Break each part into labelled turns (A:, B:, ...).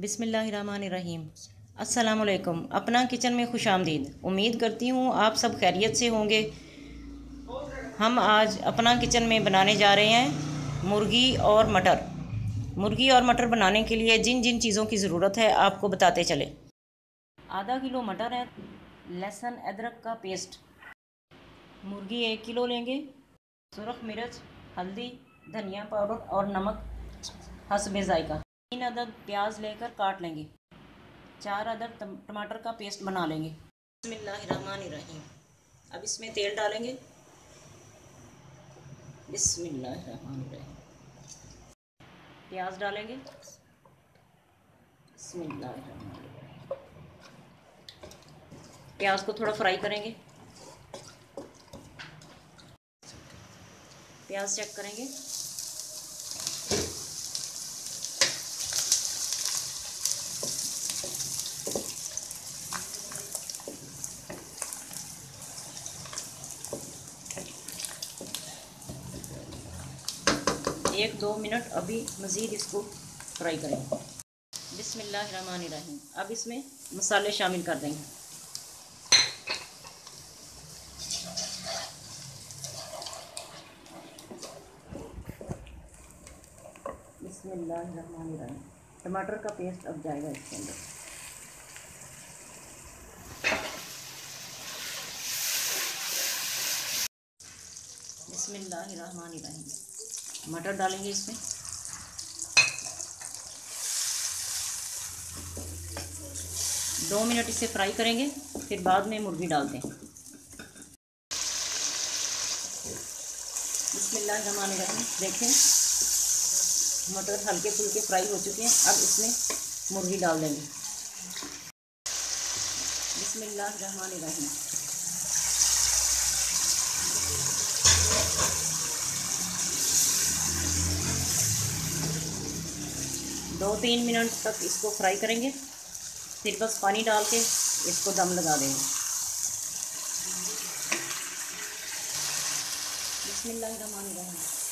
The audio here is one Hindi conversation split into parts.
A: बिसमीम अल्लाम अपना किचन में खुश आमदीद उम्मीद करती हूँ आप सब खैरियत से होंगे हम आज अपना किचन में बनाने जा रहे हैं मुर्गी और मटर मुर्गी और मटर बनाने के लिए जिन जिन चीज़ों की ज़रूरत है आपको बताते चले आधा किलो मटर है लहसुन अदरक का पेस्ट मुर्गी एक किलो लेंगे सुरख मिर्च हल्दी धनिया पाउडर और नमक हसबे जायका तीन अदद प्याज लेकर काट लेंगे चार अदद टमाटर का पेस्ट बना लेंगे बसमिल्लाम अब इसमें तेल डालेंगे बसमिल्लाम प्याज डालेंगे प्याज को थोड़ा फ्राई करेंगे प्याज चेक करेंगे एक दो मिनट अभी मज़ीद इसको फ्राई करेंगे बिसमीम अब इसमें मसाले शामिल कर देंगे टमाटर का पेस्ट अब जाएगा इसके अंदर बिसमीम मटर डालेंगे इसमें दो मिनट इसे फ्राई करेंगे फिर बाद में मुर्गी डाल दें बिस्मिल्लाहमान देखें मटर हल्के फुल्के फ्राई हो चुके हैं अब इसमें मुर्गी डाल देंगे बिस्मिल्लाह रहमान रहीम दो तीन मिनट तक इसको फ्राई करेंगे फिर बस पानी डाल के इसको दम लगा देंगे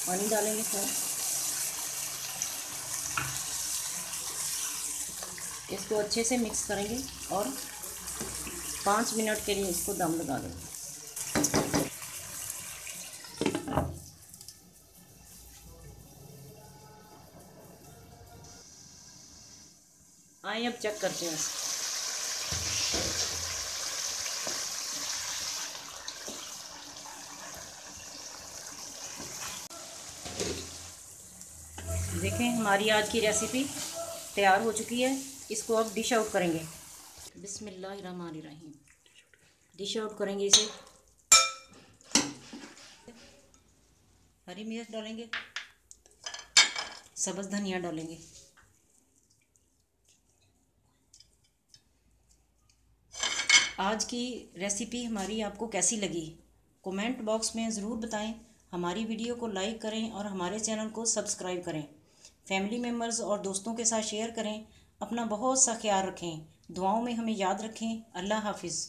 A: पानी डालेंगे सर इसको अच्छे से मिक्स करेंगे और पाँच मिनट के लिए इसको दम लगा देंगे आइए अब चेक करते हैं देखें हमारी आज की रेसिपी तैयार हो चुकी है इसको अब डिश आउट करेंगे बिसमीम डिश आउट करेंगे इसे हरी मिर्च डालेंगे सब्ज़ धनिया डालेंगे आज की रेसिपी हमारी आपको कैसी लगी कमेंट बॉक्स में ज़रूर बताएं हमारी वीडियो को लाइक करें और हमारे चैनल को सब्सक्राइब करें फैमिली मेम्बर्स और दोस्तों के साथ शेयर करें अपना बहुत सा ख्याल रखें दुआओं में हमें याद रखें अल्लाह हाफिज़